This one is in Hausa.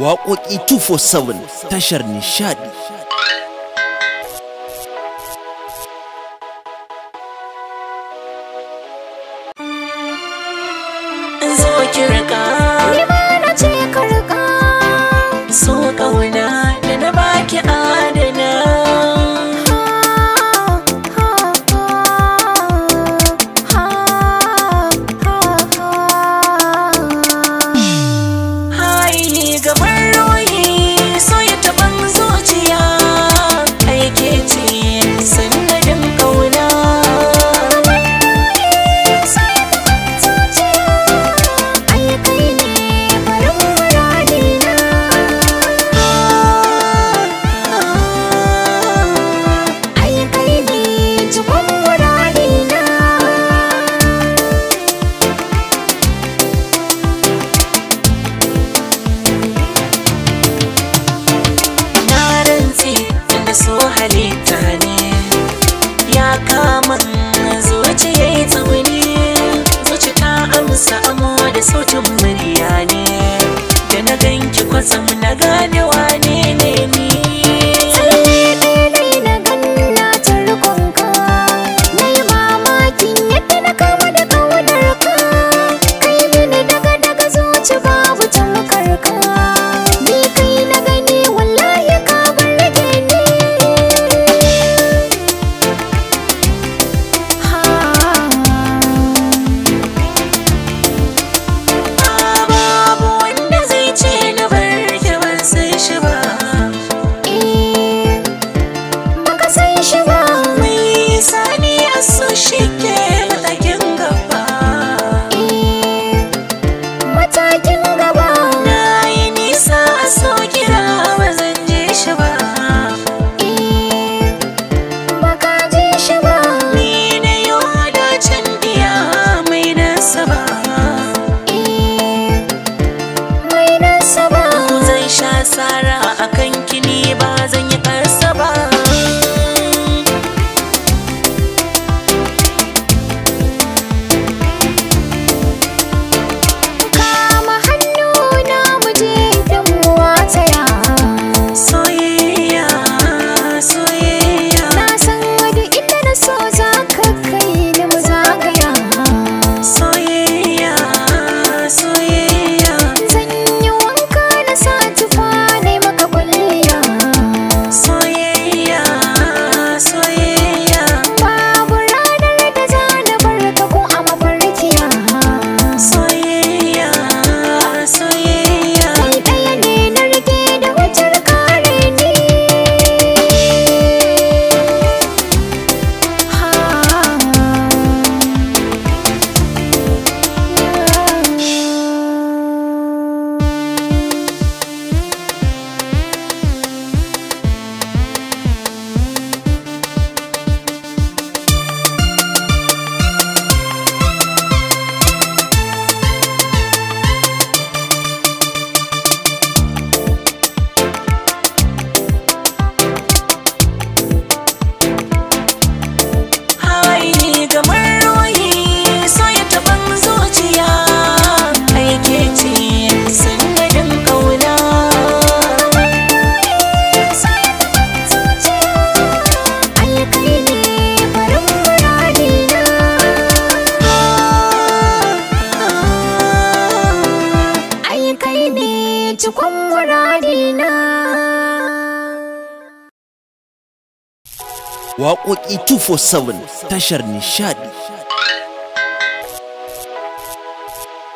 waƙoƙi 247 tashar nishadi. Zo ki Ara. cikon muradina. Waƙoƙi 247 tashar nishadi.